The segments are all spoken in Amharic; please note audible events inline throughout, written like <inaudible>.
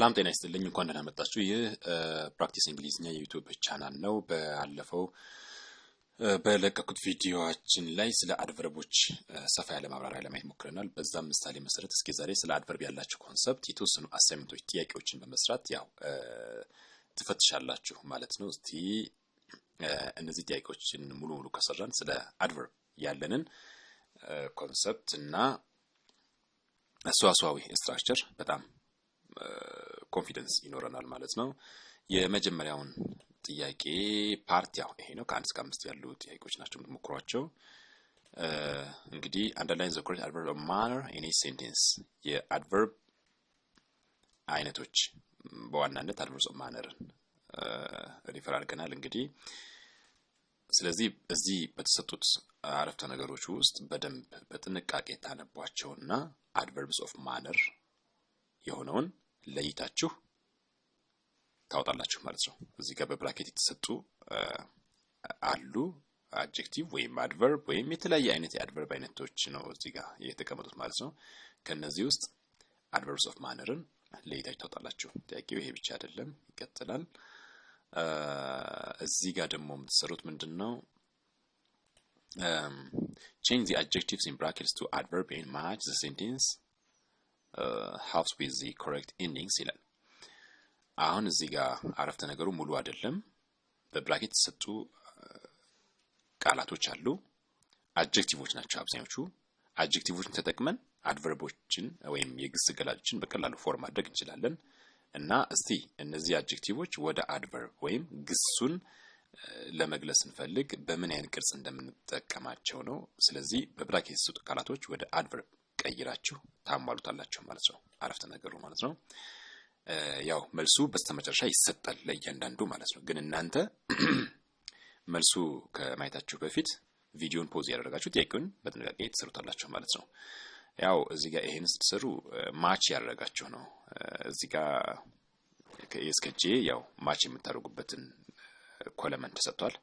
ሰላም ጤና ይስጥልኝ። እንኳን ደህና መጣችሁ። ይህ ፕራክቲስ እንግሊዝኛ የዩቲዩብ ቻናል ነው። ባለፈው በለቀኩት ቪዲዮችን ላይ ስለ አድቨርቦች ሰፋ ያለ ማብራሪያ ለማየት ሞክረናል። በዛም ምሳሌ መሰረት እስኪ ዛሬ ስለ አድቨርብ ያላችሁ ኮንሰፕት የተወሰኑ አሳይመንቶች፣ ጥያቄዎችን በመስራት ያው ትፈትሻላችሁ ማለት ነው። እስቲ እነዚህ ጥያቄዎችን ሙሉ ሙሉ ከሰራን ስለ አድቨርብ ያለንን ኮንሰፕት እና አሰዋሰዋዊ ስትራክቸር በጣም ኮንፊደንስ ይኖረናል ማለት ነው። የመጀመሪያውን ጥያቄ ፓርቲ ያው ይሄ ነው። ከአንድ እስከ አምስት ያሉ ጥያቄዎች ናቸው የምትሞክሯቸው። እንግዲህ አንደርላይን ዘ ኮሬክት አድቨርብ ማነር ኢን ኤ ሴንቴንስ የአድቨርብ አይነቶች በዋናነት አድቨርብ ማነርን ሪፈር አድርገናል። እንግዲህ ስለዚህ እዚህ በተሰጡት አረፍተ ነገሮች ውስጥ በደንብ በጥንቃቄ ታነቧቸውና አድቨርብስ ኦፍ ማነር የሆነውን ለይታችሁ ታወጣላችሁ ማለት ነው። እዚህ ጋር በብራኬት የተሰጡ አሉ አድጀክቲቭ ወይም አድቨርብ ወይም የተለያየ አይነት የአድቨርብ አይነቶች ነው እዚህ ጋር የተቀመጡት ማለት ነው። ከነዚህ ውስጥ አድቨርብስ ኦፍ ማነርን ለይታችሁ ታወጣላችሁ። ጥያቄው ይሄ ብቻ አይደለም፣ ይቀጥላል። እዚህ ጋር ደግሞ የምትሰሩት ምንድን ነው? ቼንጅ ዚ አድጀክቲቭስ ኢን ብራኬትስ ቱ አድቨርብ ኤንድ ማች ዘ ሴንቴንስ ሃውስ ዊዝ ዚ ኮሬክት ኢንዲንግስ ይላል። አሁን እዚህ ጋር አረፍተ ነገሩ ሙሉ አይደለም። በብራኬት የተሰጡ uh, ቃላቶች አሉ። አጀክቲቮች ናቸው አብዛኞቹ። አጀክቲቮችን ተጠቅመን አድቨርቦችን ወይም የግስ ገላጮችን በቀላሉ ፎርም ማድረግ እንችላለን። እና እስቲ እነዚህ አጀክቲቮች ወደ አድቨርብ ወይም ግሱን uh, ለመግለጽ ስንፈልግ በምን አይነት ቅርጽ እንደምንጠቀማቸው ነው። ስለዚህ በብራኬት የተሰጡ ቃላቶች ወደ አድቨርብ ቀይራችሁ ታሟሉታላችሁ ማለት ነው። አረፍተ ነገሩ ማለት ነው። ያው መልሱ በስተመጨረሻ ይሰጣል ለእያንዳንዱ ማለት ነው። ግን እናንተ <clears throat> መልሱ ከማየታችሁ በፊት ቪዲዮን ፖዝ ያደረጋችሁ ጥያቄውን በጥንቃቄ ትሰሩታላችሁ ማለት ነው። ያው እዚህ ጋር ይሄን ስትሰሩ ማች ያደረጋችሁ ነው። እዚህ ጋር ከኤስከጄ ያው ማች የምታደርጉበትን ኮለመን ተሰጥቷል።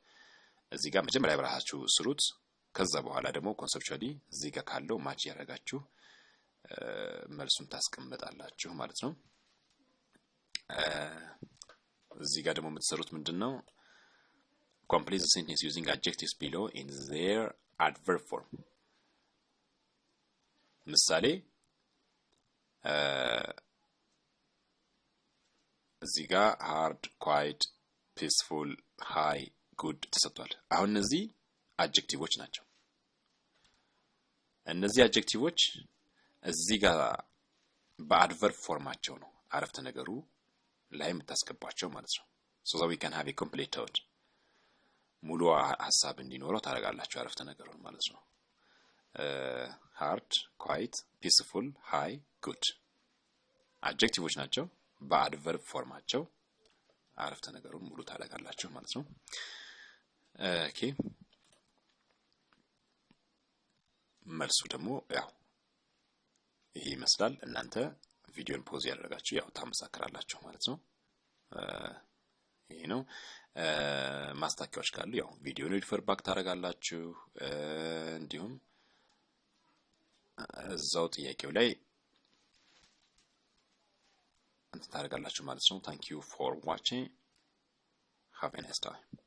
እዚህ ጋር መጀመሪያ በራሳችሁ ስሩት። ከዛ በኋላ ደግሞ ኮንሰፕቹዋሊ እዚህ ጋር ካለው ማች ያደረጋችሁ መልሱን ታስቀምጣላችሁ ማለት ነው። እዚህ ጋር ደግሞ የምትሰሩት ምንድን ነው? ኮምፕሊት ሴንቴንስ ዩዚንግ አጀክቲቭስ ቢሎ ኢን ዜር አድቨርብ ፎርም። ምሳሌ እዚህ ጋር ሃርድ፣ ኳይት፣ ፒስፉል፣ ሃይ፣ ጉድ ተሰጥቷል። አሁን እነዚህ አጀክቲቮች ናቸው። እነዚህ አጀክቲቮች እዚህ ጋር በአድቨርብ ፎርማቸው ነው አረፍተ ነገሩ ላይ የምታስገባቸው ማለት ነው። ሶ ዛት ዊ ካን ሃቭ ኤ ኮምፕሊት ታውት ሙሉ ሀሳብ እንዲኖረው ታደርጋላችሁ አረፍተ ነገሩን ማለት ነው። ሃርድ፣ ኳይት፣ ፒስፉል፣ ሃይ፣ ጉድ አጀክቲቮች ናቸው። በአድቨርብ ፎርማቸው አረፍተ ነገሩን ሙሉ ታደርጋላችሁ ማለት ነው። ኦኬ መልሱ ደግሞ ያው ይሄ ይመስላል። እናንተ ቪዲዮን ፖዝ ያደረጋችሁ ያው ታመሳክራላችሁ ማለት ነው። ይሄ ነው። ማስታኪያዎች ካሉ ያው ቪዲዮን ሪፈር ባክ ታደርጋላችሁ። እንዲሁም እዛው ጥያቄው ላይ እንትን ታደርጋላችሁ ማለት ነው። ታንክ ዩ ፎር ዋቺንግ ሃቭ ኤ ናይስ ታይም